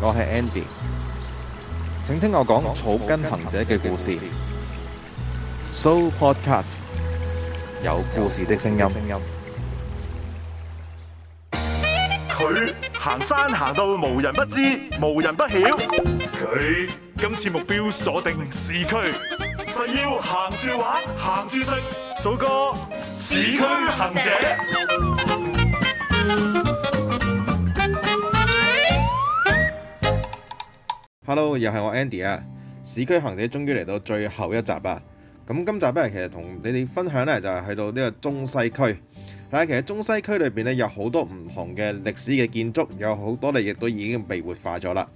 我係 Andy，請聽我講草根行者嘅故，故事。So podcast 有故事的聲音。佢行山行到無人不知，無人不曉。佢今次目標鎖定市區，誓要行住玩，行住食，做個市區行者。Hello，又係我 Andy 啊！市區行者終於嚟到最後一集啊！咁今集咧，其實同你哋分享咧，就係去到呢個中西區。但其實中西區裏邊咧，有好多唔同嘅歷史嘅建築，有好多咧，亦都已經被活化咗啦。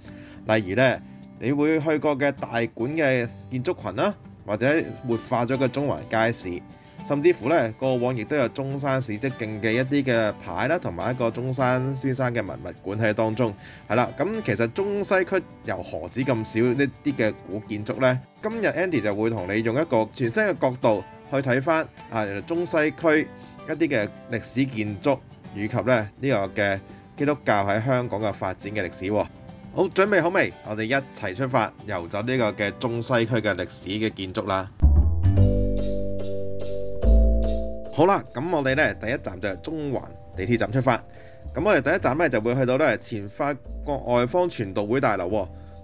例如咧，你會去過嘅大館嘅建築群啦，或者活化咗嘅中環街市。甚至乎咧，過往亦都有中山史蹟徑嘅一啲嘅牌啦，同埋一個中山先生嘅文物館喺當中，係啦。咁其實中西區由何止咁少呢啲嘅古建築呢？今日 Andy 就會同你用一個全新嘅角度去睇翻啊，中西區一啲嘅歷史建築，以及咧呢個嘅基督教喺香港嘅發展嘅歷史。好，準備好未？我哋一齊出發遊走呢個嘅中西區嘅歷史嘅建築啦！好啦，咁我哋咧第一站就係中環地鐵站出發。咁我哋第一站咧就會去到咧前法國外方傳道會大樓。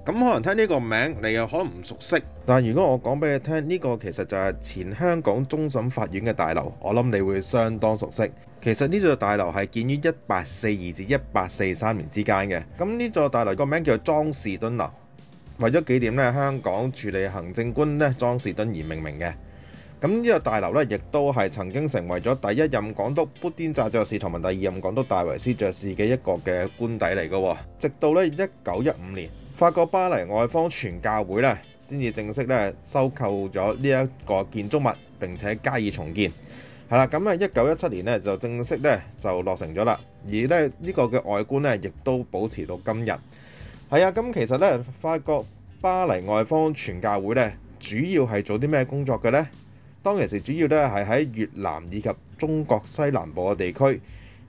咁可能聽呢個名你又可能唔熟悉，但如果我講俾你聽，呢個其實就係前香港終審法院嘅大樓，我諗你會相當熟悉。其實呢座大樓係建於一八四二至一八四三年之間嘅。咁呢座大樓個名叫莊士敦樓，為咗紀念咧香港處理行政官咧莊士敦而命名嘅。咁呢個大樓咧，亦都係曾經成為咗第一任港督砵甸乍爵士同埋第二任港督戴維斯爵士嘅一個嘅官邸嚟喎。直到咧一九一五年，法國巴黎外方傳教會咧先至正式咧收購咗呢一個建築物，並且加以重建。係啦，咁啊一九一七年咧就正式咧就落成咗啦。而咧呢個嘅外觀咧亦都保持到今日。係啊，咁其實咧法國巴黎外方傳教會咧主要係做啲咩工作嘅呢？當其時，主要咧係喺越南以及中國西南部嘅地區，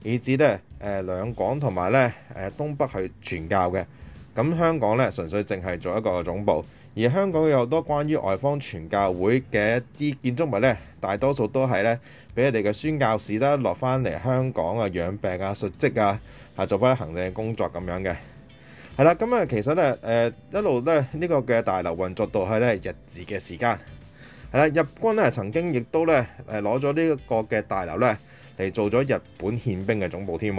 以至咧誒兩廣同埋咧誒東北去傳教嘅。咁香港咧純粹淨係做一個嘅總部，而香港有好多關於外方傳教會嘅一啲建築物咧，大多數都係咧俾佢哋嘅宣教士咧落翻嚟香港啊養病啊、述職啊啊做翻行政工作咁樣嘅。係啦，咁啊其實咧誒一路咧呢個嘅大樓運作到去咧日治嘅時間。係啦，日軍咧曾經亦都咧誒攞咗呢一個嘅大樓咧嚟做咗日本憲兵嘅總部添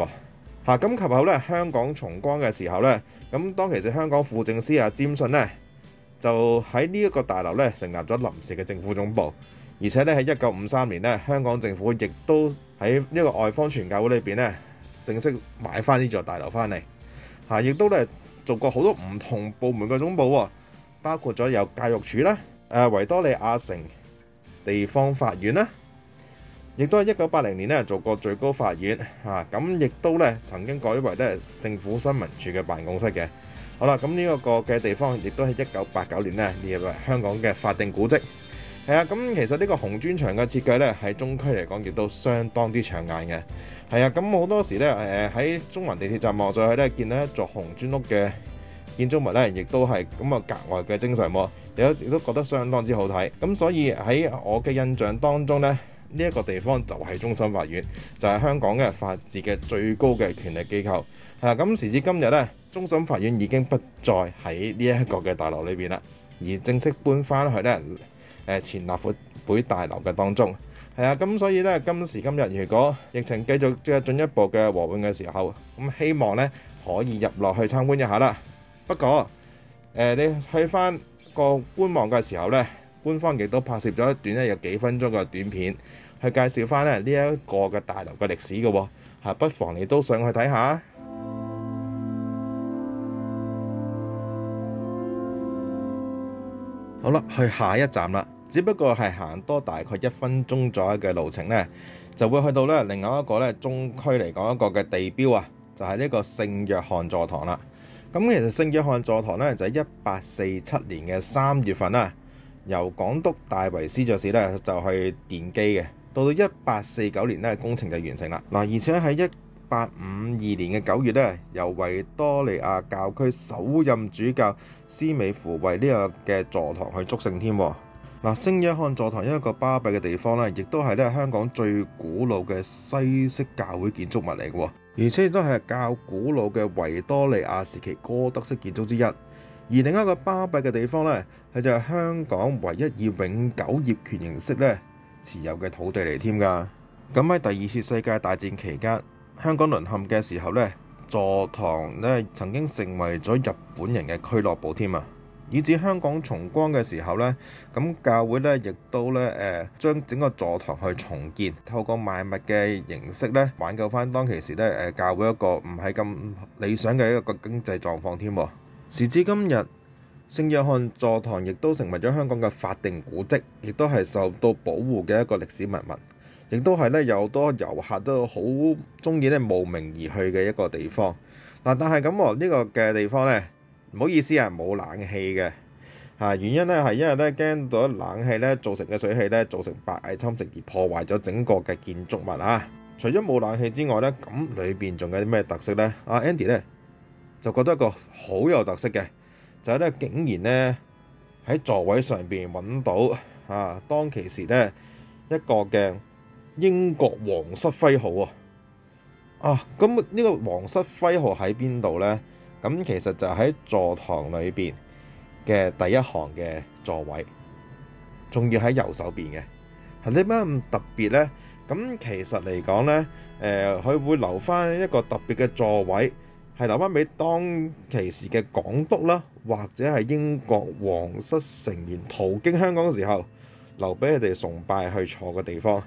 嚇。咁及後咧，香港重光嘅時候咧，咁當其時香港副政司阿詹信咧就喺呢一個大樓咧成立咗臨時嘅政府總部。而且咧喺一九五三年咧，香港政府亦都喺呢個外方傳教會裏邊咧正式買翻呢座大樓翻嚟嚇，亦都咧做過好多唔同部門嘅總部喎，包括咗有教育處啦。誒維多利亞城地方法院啦，亦都係一九八零年咧做過最高法院嚇，咁亦都咧曾經改為咧政府新聞處嘅辦公室嘅。好啦，咁呢個個嘅地方亦都係一九八九年咧列入香港嘅法定古蹟。係啊，咁其實呢個紅磚牆嘅設計咧喺中區嚟講亦都相當之搶眼嘅。係啊，咁好多時咧誒喺中環地鐵站望上去咧見到一座紅磚屋嘅。建築物咧，亦都係咁啊，格外嘅精神喎。有亦都覺得相當之好睇。咁所以喺我嘅印象當中咧，呢、這、一個地方就係終審法院，就係、是、香港嘅法治嘅最高嘅權力機構。係啦，咁時至今日咧，終審法院已經不再喺呢一個嘅大樓裏邊啦，而正式搬返去咧誒前立法會大樓嘅當中。係啊，咁所以咧今時今日，如果疫情繼續再進一步嘅和緩嘅時候，咁希望咧可以入落去參觀一下啦。不過誒、呃，你去翻個官網嘅時候呢，官方亦都拍攝咗一段呢有幾分鐘嘅短片，去介紹翻呢呢一、這個嘅大樓嘅歷史嘅喎、哦，不妨你都上去睇下、啊。好啦，去下一站啦，只不過係行多大概一分鐘左右嘅路程呢，就會去到呢另外一個呢中區嚟講一個嘅地標啊，就係、是、呢個聖約翰座堂啦。咁其實聖約翰座堂咧，就喺一八四七年嘅三月份啦，由港督戴維斯爵士咧就去奠基嘅。到到一八四九年咧，工程就完成啦。嗱，而且喺一八五二年嘅九月咧，由維多利亞教區首任主教斯美孚為呢個嘅座堂去祝聖添。嗱，聖約翰座堂一個巴閉嘅地方咧，亦都係咧香港最古老嘅西式教會建築物嚟嘅。而且都係較古老嘅維多利亞時期歌德式建築之一，而另一個巴閉嘅地方呢，係就係香港唯一以永久業權形式呢持有嘅土地嚟添噶。咁喺第二次世界大戰期間，香港淪陷嘅時候呢，座堂呢曾經成為咗日本人嘅俱樂部添啊！以至香港重光嘅時候咧，咁教會咧亦都咧誒將整個座堂去重建，透過賣物嘅形式咧挽救翻當其時咧誒教會一個唔係咁理想嘅一個經濟狀況添。時至今日，聖約翰座堂亦都成為咗香港嘅法定古蹟，亦都係受到保護嘅一個歷史文物，亦都係咧有多遊客都好中意咧慕名而去嘅一個地方。嗱，但係咁喎，呢個嘅地方咧。唔好意思啊，冇冷氣嘅，啊原因咧係因為咧驚到冷氣咧造成嘅水汽咧造成白蟻侵蝕而破壞咗整個嘅建築物啊！除咗冇冷氣之外咧，咁裏邊仲有啲咩特色咧？阿 Andy 咧就覺得一個好有特色嘅，就係咧竟然咧喺座位上邊搵到啊！當其時咧一個嘅英國皇室徽號啊！啊咁呢個皇室徽號喺邊度咧？咁其實就喺座堂裏邊嘅第一行嘅座位，仲要喺右手邊嘅，係點解咁特別呢？咁其實嚟講呢，誒佢會留返一個特別嘅座位，係留返俾當其時嘅港督啦，或者係英國皇室成員途經香港嘅時候，留俾佢哋崇拜去坐嘅地方。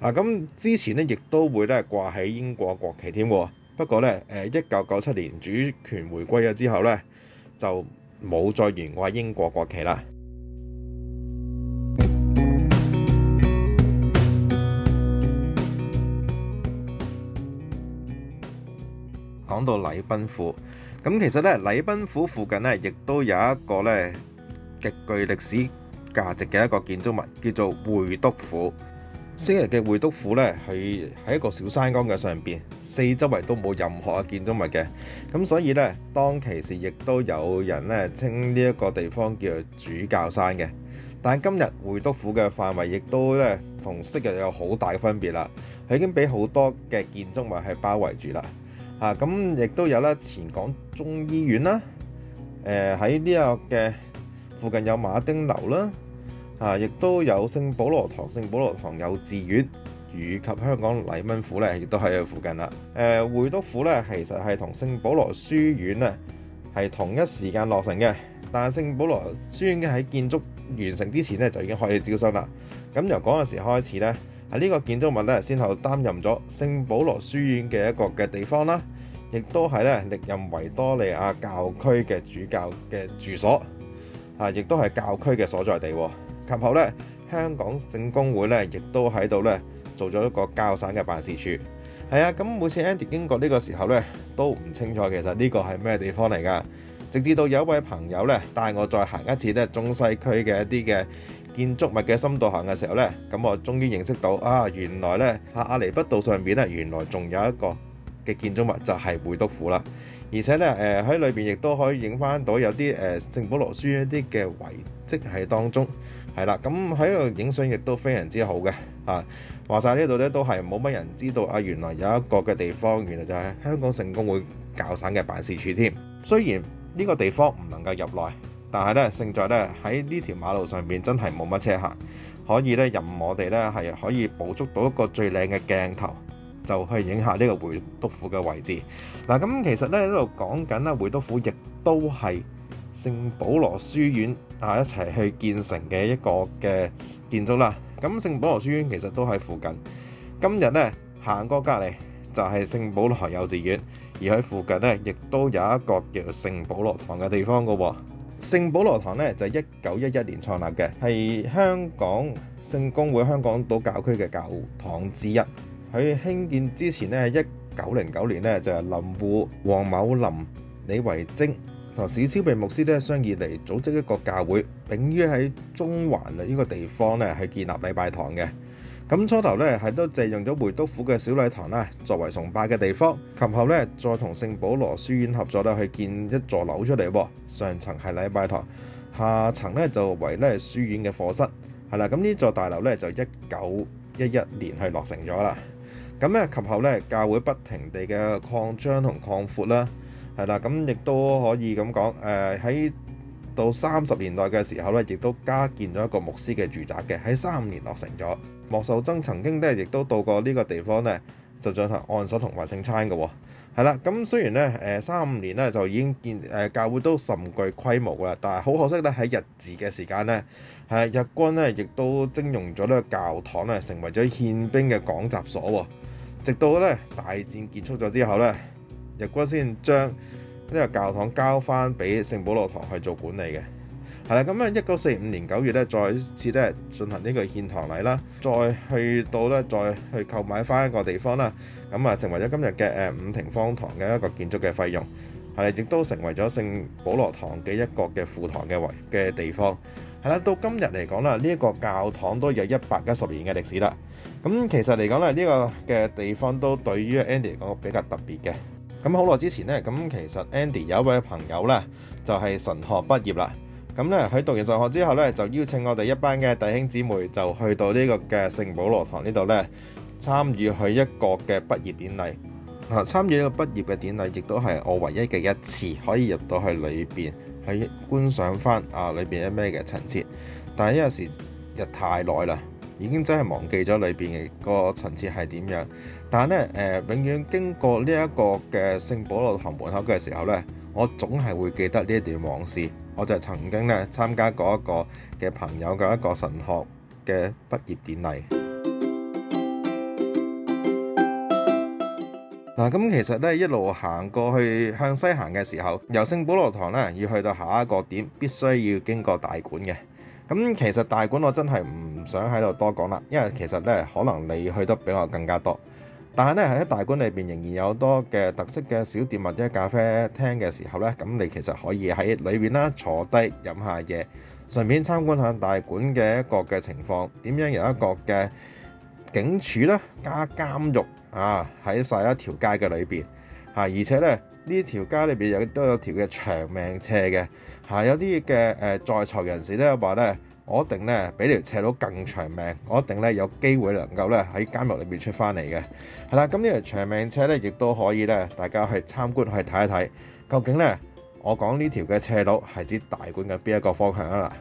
嗱，咁之前呢亦都會咧掛喺英國國旗添喎。不過咧，誒一九九七年主權回歸咗之後咧，就冇再懸掛英國國旗啦。講到禮賓府，咁其實咧禮賓府附近咧，亦都有一個咧極具歷史價值嘅一個建築物，叫做匯督府。昔日嘅會督府咧，係喺一個小山崗嘅上邊，四周圍都冇任何嘅建築物嘅，咁所以咧，當其時亦都有人咧稱呢一個地方叫做主教山嘅。但今日會督府嘅範圍亦都咧同昔日有好大嘅分別啦，佢已經俾好多嘅建築物係包圍住啦。啊，咁亦都有啦，前港中醫院啦，誒喺呢個嘅附近有馬丁樓啦。啊！亦都有聖保羅堂、聖保羅堂幼稚園，以及香港禮賓府咧，亦都喺附近啦。誒，會督府咧，其實係同聖保羅書院咧係同一時間落成嘅，但係聖保羅書院嘅喺建築完成之前咧，就已經開始招生啦。咁由嗰陣時開始咧，喺、這、呢個建築物咧，先後擔任咗聖保羅書院嘅一個嘅地方啦，亦都係咧歷任維多利亞教區嘅主教嘅住所啊，亦都係教區嘅所在地。然後咧，香港聖公會咧，亦都喺度咧做咗一個教省嘅辦事處。係啊，咁每次 Andy 經過呢個時候咧，都唔清楚其實呢個係咩地方嚟㗎。直至到有一位朋友咧帶我再行一次咧中西區嘅一啲嘅建築物嘅深度行嘅時候咧，咁我終於認識到啊，原來咧喺亞厘畢道上面咧，原來仲有一個嘅建築物就係會督府啦。而且咧，誒喺裏邊亦都可以影翻到有啲誒、呃、聖保羅書一啲嘅遺跡喺當中。係啦，咁喺度影相亦都非常之好嘅嚇。話晒呢度咧都係冇乜人知道啊，原來有一個嘅地方，原來就係香港聖公會教省嘅辦事處添。雖然呢個地方唔能夠入內，但係咧勝在咧喺呢條馬路上面真係冇乜車行，可以咧任我哋咧係可以捕捉到一個最靚嘅鏡頭，就去影下呢個回督府嘅位置。嗱，咁其實咧呢度講緊啊，回督府亦都係。聖保羅書院啊，一齊去建成嘅一個嘅建築啦。咁聖保羅書院其實都喺附近。今日呢，行過隔離就係聖保羅幼稚園，而喺附近呢，亦都有一個叫聖保羅堂嘅地方㗎。聖保羅堂呢，就係一九一一年創立嘅，係香港聖公會香港島教區嘅教堂之一。佢興建之前呢，一九零九年呢，就係林戶黃某林李維晶。同史超被牧師咧商議嚟組織一個教會，並於喺中環呢個地方咧係建立禮拜堂嘅。咁初頭咧係都借用咗會督府嘅小禮堂啦，作為崇拜嘅地方。及後咧再同聖保羅書院合作咧去建一座樓出嚟，上層係禮拜堂，下層咧就為咧書院嘅課室。係啦，咁呢座大樓咧就一九一一年係落成咗啦。咁咧及後咧教會不停地嘅擴張同擴闊啦。係啦，咁亦都可以咁講，喺、呃、到三十年代嘅時候咧，亦都加建咗一個牧師嘅住宅嘅，喺三五年落成咗。莫秀增曾經都亦都到過呢個地方咧，就進行按手同埋聖餐嘅、哦。係啦，咁雖然咧，三五年咧就已經建、呃、教會都甚具規模啦，但係好可惜咧，喺日治嘅時間咧，日軍咧亦都徵用咗呢個教堂成為咗憲兵嘅講習所喎、哦。直到咧大戰結束咗之後咧。日軍先將呢個教堂交翻俾聖保羅堂去做管理嘅係啦。咁啊，一九四五年九月咧，再次咧進行呢個獻堂禮啦，再去到咧，再去購買翻一個地方啦。咁啊，成為咗今日嘅誒五亭方堂嘅一個建築嘅費用係，亦都成為咗聖保羅堂嘅一個嘅副堂嘅位嘅地方係啦。到今日嚟講啦，呢一個教堂都有一百一十年嘅歷史啦。咁其實嚟講咧，呢個嘅地方都對於 Andy 嚟講比較特別嘅。咁好耐之前呢，咁其實 Andy 有一位朋友呢，就係神學畢業啦。咁呢，喺讀完神學之後呢，就邀請我哋一班嘅弟兄姊妹就去到呢個嘅聖保羅堂呢度呢，參與去一個嘅畢業典禮啊。參與呢個畢業嘅典禮亦都係我唯一嘅一次可以入到去裏邊去觀賞翻啊裏邊啲咩嘅陳設，但係呢個時日太耐啦。已經真係忘記咗裏邊嘅個層次係點樣，但係咧誒、呃，永遠經過呢一個嘅聖保羅堂門口嘅時候咧，我總係會記得呢一段往事。我就係曾經咧參加過一個嘅朋友嘅一個神學嘅畢業典禮嗱。咁、嗯、其實咧一路行過去向西行嘅時候，由聖保羅堂咧要去到下一個點，必須要經過大館嘅。咁其實大館我真係唔想喺度多講啦，因為其實呢，可能你去得比我更加多。但係呢，喺大館裏邊仍然有好多嘅特色嘅小店或者咖啡廳嘅時候呢，咁你其實可以喺裏邊啦坐低飲下嘢，順便參觀下大館嘅一個嘅情況，點樣有一個嘅警署呢加監獄啊喺晒一條街嘅裏邊啊，而且呢。呢條街裏邊有都有條嘅長命斜嘅嚇，有啲嘅誒在囚人士咧話咧，我一定咧比條斜路更長命，我一定咧有機會能夠咧喺監獄裏邊出翻嚟嘅係啦。咁呢條長命斜咧亦都可以咧，大家去參觀去睇一睇究竟咧。我講呢條嘅斜路係指大館嘅邊一個方向啊啦？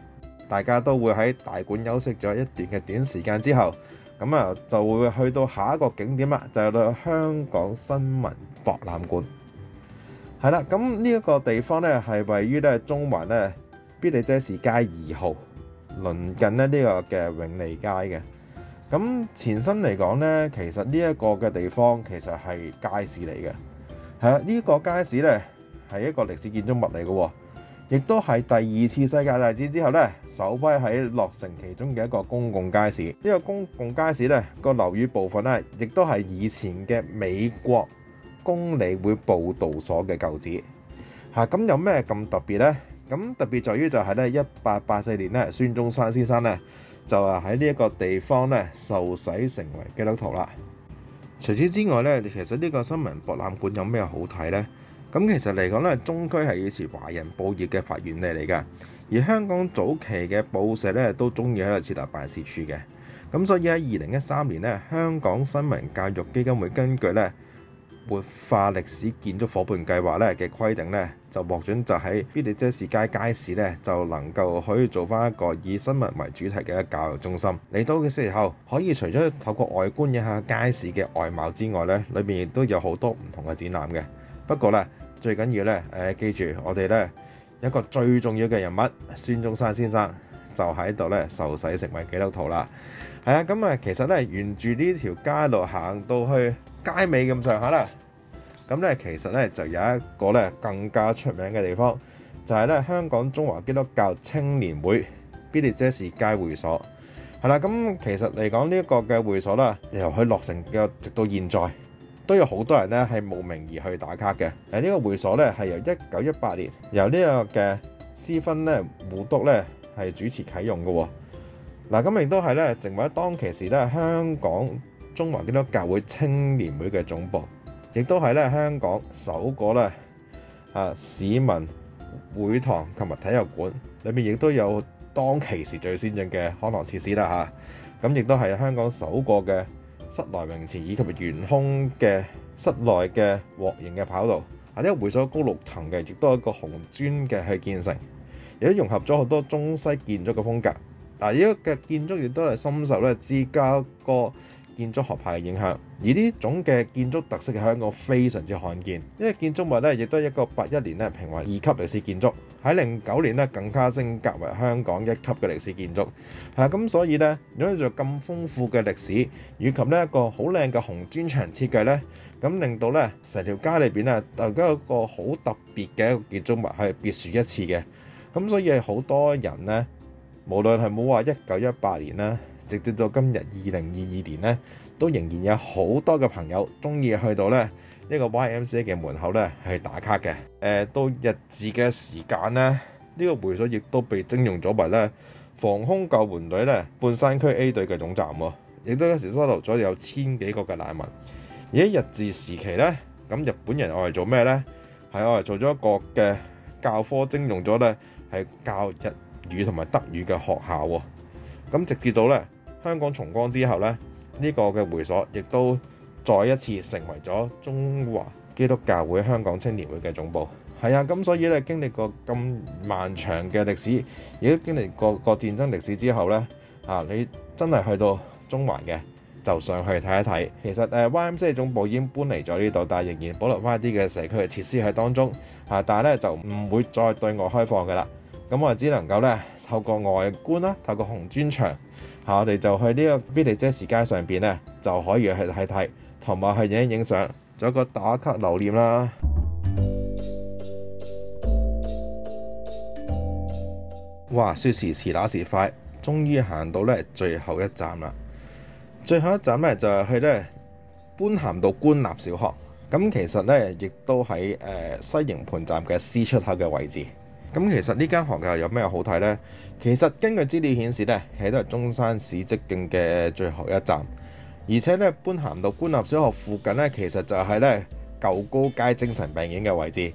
大家都會喺大館休息咗一段嘅短時間之後，咁啊就會去到下一個景點啦，就係去到香港新聞博覽館。係啦，咁呢一個地方咧，係位於咧中環咧必列者士街二號，鄰近咧呢個嘅永利街嘅。咁前身嚟講咧，其實呢一個嘅地方其實係街市嚟嘅。係啦，呢、這個街市咧係一個歷史建築物嚟嘅，亦都係第二次世界大戰之後咧首批喺落成其中嘅一個公共街市。呢、這個公共街市咧個樓宇部分咧，亦都係以前嘅美國。公理會報道所嘅舊址嚇，咁有咩咁特別呢？咁特別在於就係咧，一八八四年咧，孫中山先生咧就係喺呢一個地方咧受洗成為基督徒啦。除此之外咧，其實呢個新聞博覽館有咩好睇呢？咁其實嚟講咧，中區係以前華人報業嘅發源地嚟噶，而香港早期嘅報社咧都鍾意喺度設立辦事處嘅。咁所以喺二零一三年咧，香港新聞教育基金會根據咧，活化歷史建築夥伴計劃咧嘅規定咧，就獲准就喺必列者士街街市咧，就能夠可以做翻一個以新聞為主題嘅教育中心。嚟到嘅時候，可以除咗透過外觀一下街市嘅外貌之外咧，裏面亦都有好多唔同嘅展覽嘅。不過咧，最緊要咧，誒、呃、記住我呢，我哋咧有一個最重要嘅人物——孫中山先生，就喺度咧受洗成為基督徒啦。係啊，咁、嗯、啊，其實咧沿住呢條街路行到去。街尾咁上下啦，咁咧其實咧就有一個咧更加出名嘅地方，就係、是、咧香港中華基督教青年會必列者士街會所，係啦。咁其實嚟講呢一個嘅會所啦，由佢落成嘅直到現在，都有好多人咧係慕名而去打卡嘅。誒、這、呢個會所咧係由一九一八年由呢個嘅施勳咧護督咧係主持啟用嘅喎。嗱，咁亦都係咧成為當其時咧香港。中華基督教會青年會嘅總部，亦都係咧香港首個咧啊市民會堂同埋體育館裏面也，亦都有當其時最先進嘅康樂設施啦。吓咁亦都係香港首個嘅室內泳池以及懸空嘅室內嘅鑊型嘅跑道啊！呢個會所高六層嘅，亦都係一個紅磚嘅去建成，亦都融合咗好多中西建築嘅風格啊！而家嘅建築亦都係深受咧芝加哥，建築學派嘅影響，而呢種嘅建築特色喺香港非常之罕見，因為建築個建築物咧亦都係一九八一年咧評為二級歷史建築，喺零九年咧更加升格為香港一級嘅歷史建築，吓咁所以咧擁有咗咁豐富嘅歷史以及呢一個好靚嘅紅磚牆設計咧，咁令到咧成條街裏邊咧大家有一個好特別嘅一個建築物係別樹一幟嘅，咁所以好多人咧無論係冇話一九一八年啦。直至到今日二零二二年咧，都仍然有好多嘅朋友鍾意去到咧呢個 YMCA 嘅門口咧去打卡嘅。誒，到日治嘅時間咧，呢、這個會所亦都被徵用咗為咧防空救援隊咧半山區 A 隊嘅總站喎，亦都一時收留咗有千幾個嘅難民。而喺日治時期咧，咁日本人我係做咩咧？係我係做咗一個嘅教科徵用咗咧，係教日語同埋德語嘅學校喎。咁直至到咧。香港重光之後咧，呢個嘅會所亦都再一次成為咗中華基督教會香港青年會嘅總部。係啊，咁所以咧經歷過咁漫長嘅歷史，亦都經歷過個戰爭歷史之後咧，啊，你真係去到中環嘅就上去睇一睇。其實誒 Y.M.C 總部已經搬嚟咗呢度，但係仍然保留翻一啲嘅社區設施喺當中啊，但係咧就唔會再對外開放㗎啦。咁我哋只能夠咧透過外觀啦，透過紅磚牆。嚇、啊！我哋就去呢個必列者士街上邊咧，就可以去睇睇，同埋去影影相，做一個打卡留念啦！哇！說時遲那時快，終於行到咧最後一站啦！最後一站咧就係去咧般咸道官立小學，咁其實咧亦都喺誒、呃、西營盤站嘅 C 出口嘅位置。咁其實呢間學校有咩好睇呢？其實根據資料顯示呢，係都係中山史蹟徑嘅最後一站，而且呢，般咸道官立小學附近呢，其實就係呢舊高街精神病院嘅位置。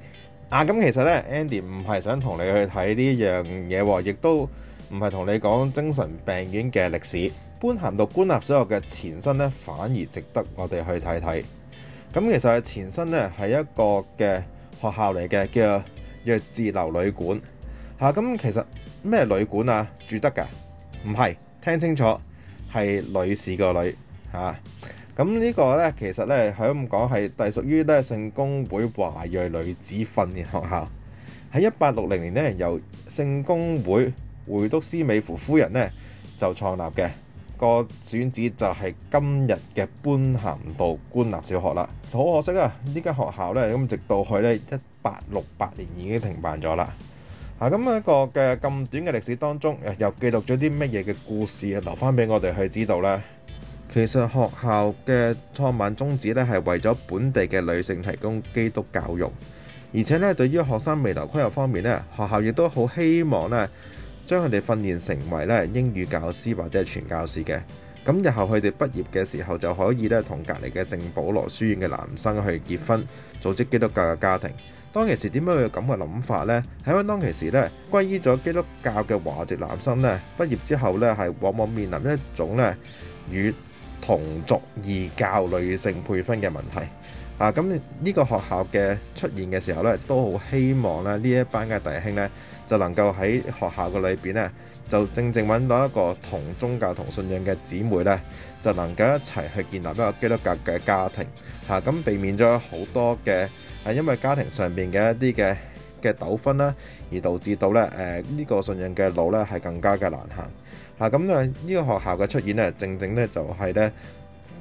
啊，咁其實呢 Andy 唔係想同你去睇呢樣嘢喎，亦都唔係同你講精神病院嘅歷史。般咸道官立小學嘅前身呢，反而值得我哋去睇睇。咁其實嘅前身呢，係一個嘅學校嚟嘅，叫若自留旅館，嚇、啊、咁其實咩旅館啊住得㗎？唔係，聽清楚，係女士個「女」啊。嚇。咁呢個呢，其實呢，佢咁講係隸屬於咧聖公會華裔女子訓練學校，喺一八六零年呢，由聖公會會督斯美孚夫人呢，就創立嘅。那個選址就係今日嘅般咸道官立小學啦。好可惜啊，呢間學校咧，咁直到去咧一八六八年已經停辦咗啦。咁、那、一個嘅咁短嘅歷史當中，又記錄咗啲乜嘢嘅故事啊？留翻俾我哋去知道咧。其實學校嘅創辦宗旨咧係為咗本地嘅女性提供基督教育，而且咧對於學生未來規劃方面咧，學校亦都好希望咧。將佢哋訓練成為咧英語教師或者係傳教士嘅，咁日後佢哋畢業嘅時候就可以咧同隔籬嘅聖保羅書院嘅男生去結婚，組織基督教嘅家庭。當其時點解會有咁嘅諗法咧？睇翻當其時咧，皈依咗基督教嘅華籍男生咧，畢業之後咧係往往面臨一種咧與同族異教女性配婚嘅問題。啊，咁呢個學校嘅出現嘅時候咧，都好希望咧呢一班嘅弟兄咧。就能夠喺學校個裏面咧，就正正揾到一個同宗教同信仰嘅姊妹咧，就能夠一齊去建立一個基督教嘅家庭嚇，咁避免咗好多嘅，誒，因為家庭上面嘅一啲嘅嘅糾紛啦，而導致到咧誒，呢個信仰嘅路咧係更加嘅難行嚇，咁呢呢個學校嘅出現咧，正正咧就係咧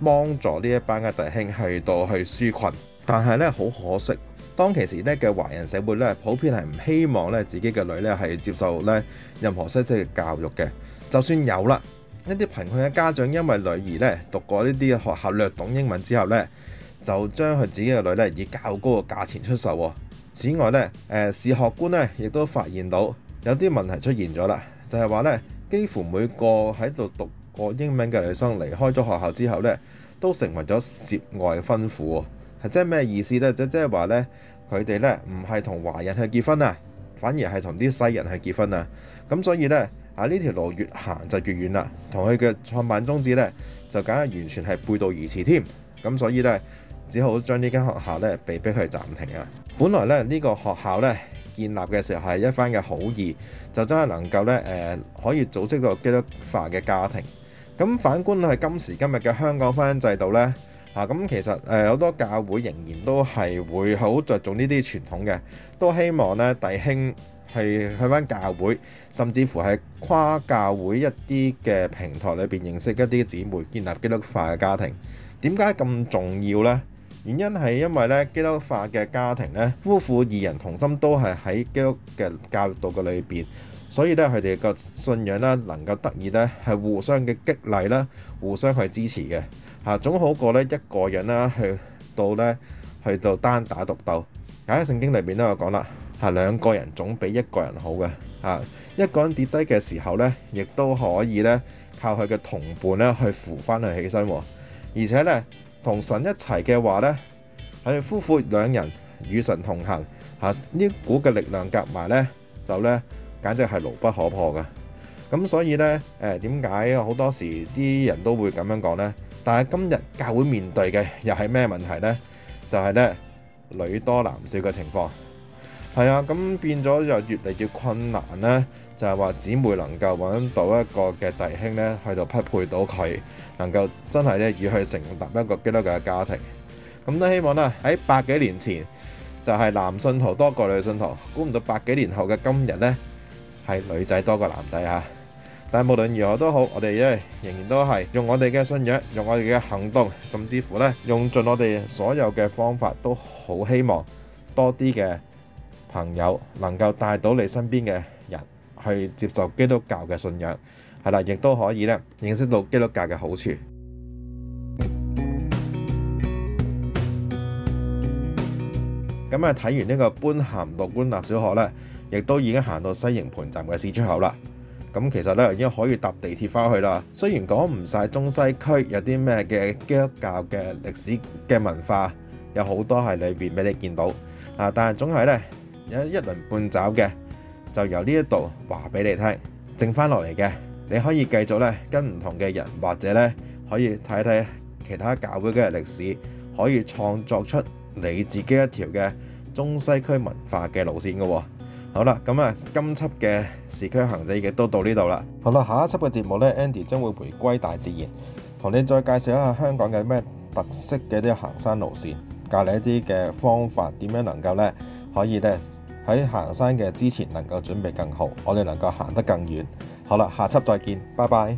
幫助呢一班嘅弟兄去到去紓困，但係咧好可惜。當其時咧嘅華人社會咧，普遍係唔希望咧自己嘅女咧係接受咧任何西式嘅教育嘅。就算有啦，一啲貧困嘅家長因為女兒咧讀過呢啲學校略懂英文之後咧，就將佢自己嘅女咧以較高嘅價錢出售。此外咧，誒、呃、視學官咧亦都發現到有啲問題出現咗啦，就係話咧幾乎每個喺度讀過英文嘅女生離開咗學校之後咧，都成為咗涉外婚婦。即係咩意思呢？就即係話呢，佢哋呢唔係同華人去結婚啊，反而係同啲西人去結婚啊。咁所以呢，啊呢條路越行就越遠啦。同佢嘅創辦宗旨呢，就梗係完全係背道而馳添。咁所以呢，只好將呢間學校呢被逼去暫停啊。本來呢，呢個學校呢建立嘅時候係一番嘅好意，就真係能夠呢誒可以組織到基督化嘅家庭。咁反觀呢，係今時今日嘅香港婚姻制度呢。嗱，咁其實誒好多教會仍然都係會好着重呢啲傳統嘅，都希望咧弟兄係去返教會，甚至乎係跨教會一啲嘅平台裏邊認識一啲姊妹，建立基督化嘅家庭。點解咁重要咧？原因係因為咧基督化嘅家庭咧，夫婦二人同心都係喺基督嘅教育嘅裏邊，所以咧佢哋個信仰咧能夠得以咧係互相嘅激勵啦，互相去支持嘅。嚇，總好過咧一個人啦，去到咧去到單打獨鬥。喺聖經裏面都有講啦，係兩個人總比一個人好嘅。嚇，一個人跌低嘅時候咧，亦都可以咧靠佢嘅同伴咧去扶翻佢起身。而且咧同神一齊嘅話咧，係夫婦兩人與神同行嚇，呢股嘅力量夾埋咧就咧簡直係牢不可破嘅。咁所以咧誒點解好多時啲人都會咁樣講咧？但係今日教會面對嘅又係咩問題呢？就係呢，女多男少嘅情況，係啊，咁變咗就越嚟越困難呢，就係話姊妹能夠揾到一個嘅弟兄呢，去到匹配到佢，能夠真係呢，而去成立一個基督教嘅家庭。咁都希望啦，喺百幾年前就係男信徒多過女信徒，估唔到百幾年後嘅今日呢，係女仔多過男仔啊！但係無論如何都好，我哋咧仍然都係用我哋嘅信仰，用我哋嘅行動，甚至乎咧用盡我哋所有嘅方法，都好希望多啲嘅朋友能夠帶到你身邊嘅人去接受基督教嘅信仰，係啦，亦都可以咧認識到基督教嘅好處。咁、嗯、啊，睇完呢個般咸道官立小學咧，亦都已經行到西營盤站嘅 C 出口啦。咁其實咧已經可以搭地鐵翻去啦。雖然講唔晒中西區有啲咩嘅基督教嘅歷史嘅文化，有好多喺裏邊俾你見到啊，但係總係咧有一輪半爪嘅，就由呢一度話俾你聽，剩翻落嚟嘅。你可以繼續咧跟唔同嘅人，或者咧可以睇睇其他教會嘅歷史，可以創造出你自己一條嘅中西區文化嘅路線㗎喎。好啦，咁啊，今輯嘅市區行者亦都到呢度啦。好啦，下一輯嘅節目呢，Andy 將會回歸大自然，同你再介紹一下香港嘅咩特色嘅啲行山路線，教你一啲嘅方法，點樣能夠呢？可以呢，喺行山嘅之前能夠準備更好，我哋能夠行得更遠。好啦，下輯再見，拜拜。